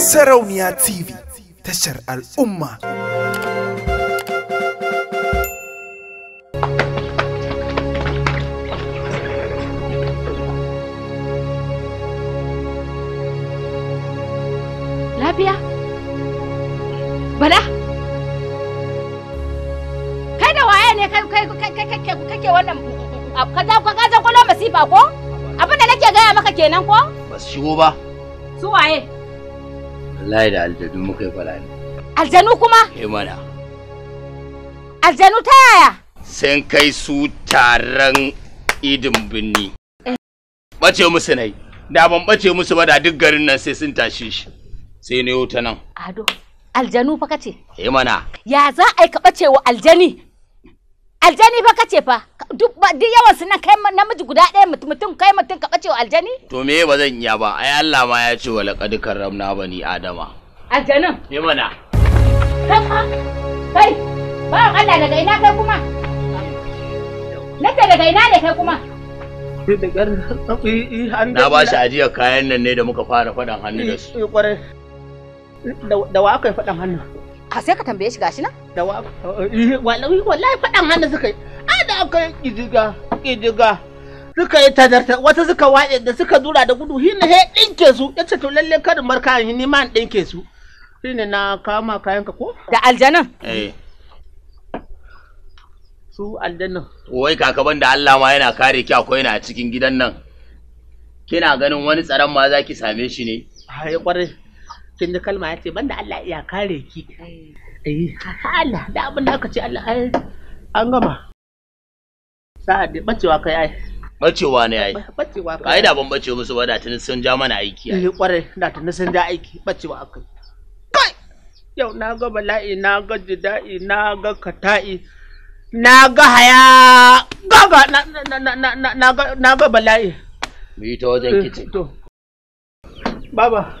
Sarauniya TV tashar al'umma. Lafiya? Bala? Kai da waye ne kai kake wannan ka zakwalo masifa ko? Abin da nake gaya maka kenan ko? Ba su shigo ba. Su waye? wallahi da aljanu muka yi fara ne aljanu kuma eh mana aljanu ta yaya sun kai su taron idin binni bace musu nai da ban bace musu ba da duk garin nan sai sun tashi shi sai ne ta nan ado aljanu fa kace eh mana ya za a yi ka bace wa aljani aljani fa kace fa duk yawan su kai namiji guda ɗaya mutum kai mutum ka bacewa aljani to me ba zan iya ba ai Allah ma ya ce wa laqad karramna bani adama aljanin me mana kafa kai ba Allah daga ina kai kuma nake daga ina ne kai kuma na ba shi ajiyar kayan nan ne da muka fara faɗan hannu da su eh, eh, da wa aka yi faɗan hannu a sai ka tambaye shi gashi nan da wa wallahi wallahi faɗan hannu suka yi a da aka yi kijiga kijiga suka yi tadarta wata suka waje da suka dura da gudu hinna he dinke su ya yace to lalle karin marka yin ni ma dinke su shine na kama kayan ka ko da aljanan eh. su aljanan wai kakaban da Allah ma yana kare ki akwai na cikin gidan nan kina ganin wani tsaron ma zaki same shi ne ai kwarai kin ji kalma ya ce banda Allah ya kare ki eh, eh Allah da abin da aka ce Allah ai an gama sa'a da bacewa kai ai bacewa ne ai bacewa kai ai da ban bace musu ba da tun sun ja mana aiki ai eh kwarai da tun sun ja aiki bacewa akai kai yau na ga bala'i na ga jida'i na ga kata'i na ga haya gaga na na na na na ga bala'i mu yi ta wajen eh, kicin baba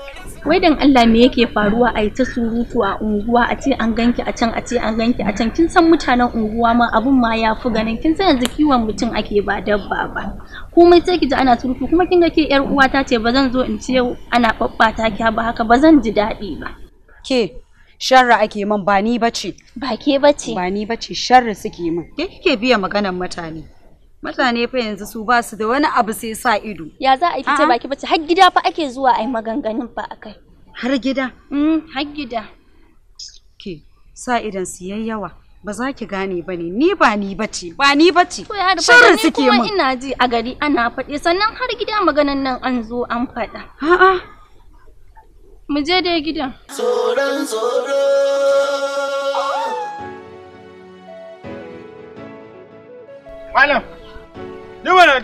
wai dan Allah me yake faruwa a ta surutu a unguwa a ce an ganki a can a ce an ganki a can kin san mutanen unguwa ma abun ma ya fi ganin kin san yanzu kiwon mutum ake ba dabba ba komai sai ki ji ana surutu kuma kin ga ke yar uwa ta ce ba zan zo in ci ce ana babbata ki ba haka ba zan ji daɗi ba ke sharra ake min ba ni bace ba ke bace ba ni bace sharri suke min ke kike biya maganar mutane mutane fa yanzu su ba su da wani abu sai sa ido ya za a yi fice baki bace har gida fa ake zuwa a yi maganganun fa akai har gida mm har gida ke sa idan su yayyawa ba za ki gane ba ne ni ba ni bace ba ni bace shirin suke mun ina ji a gari ana fade sannan har gida maganan nan an zo an faɗa a'a mu je dai gidan tsoron tsoro malam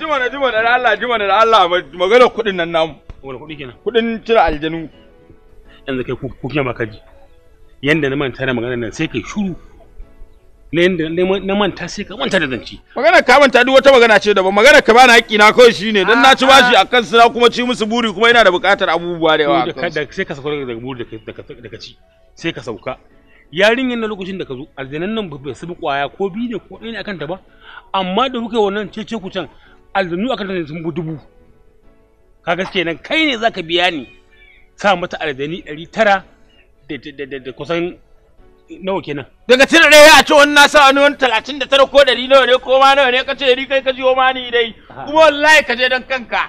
jimana jimana da Allah jimana da Allah magana kuɗin nan namu wani kuɗi kenan kuɗin cire aljanu yanzu kai kuke maka kaji. yanda na manta da magana nan sai kai shuru na yanda na manta sai ka manta da zanci. magana ka manta duk wata magana ce daban magana ka bani haƙƙi na kawai shine dan na ci bashi akan kansu kuma ci musu buri kuma ina da buƙatar abubuwa da yawa sai ka sauka daga buri da ka ci sai ka sauka yarinyar na lokacin da ka zo aljanan nan ba su kwaya ko biyu ne ko ɗaya ne akan ta ba amma da kuka wannan cece kucan aljanu aka tana sun dubu ka gaske nan kai ne za ka biya ni sa mata aljani ɗari tara da kusan nawa kenan daga tun ɗaya ya ce wani nasa sa wani wani talatin da tara ko ɗari nawa ne ko ma nawa ne ka ce ɗari kai ka jiyo ma ni dai kuma wallahi ka je don kanka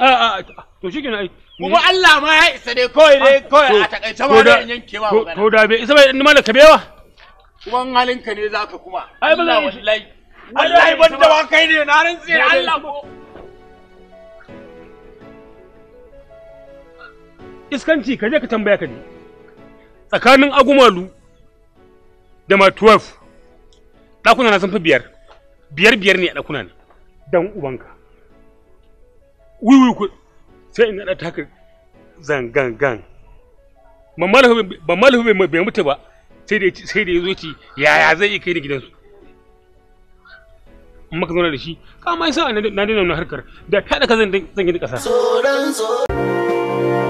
to shi kenan ai kuma Allah ma ya isa dai kawai dai ah, kawai a takaice ma dai in yanke ba magana to da bai isa bai ma da bewa kuma halinka ne zaka kuma ai ba Allah ya banda ba kai ne na rantsi Allah ko iskanci ka je ka tambaya ka ne tsakanin agumalu da ma 12 ɗakuna na sun fi biyar biyar biyar ne a ɗakuna ne dan ubanka wiwi ku sai in naɗa taka zangangan ba malahu bai mutu ba sai da sai da ci yaya zai iya kai da gidansu maka zauna da shi kama yasa na dina wannan harkar da ta da ka zan zan gidi ƙasa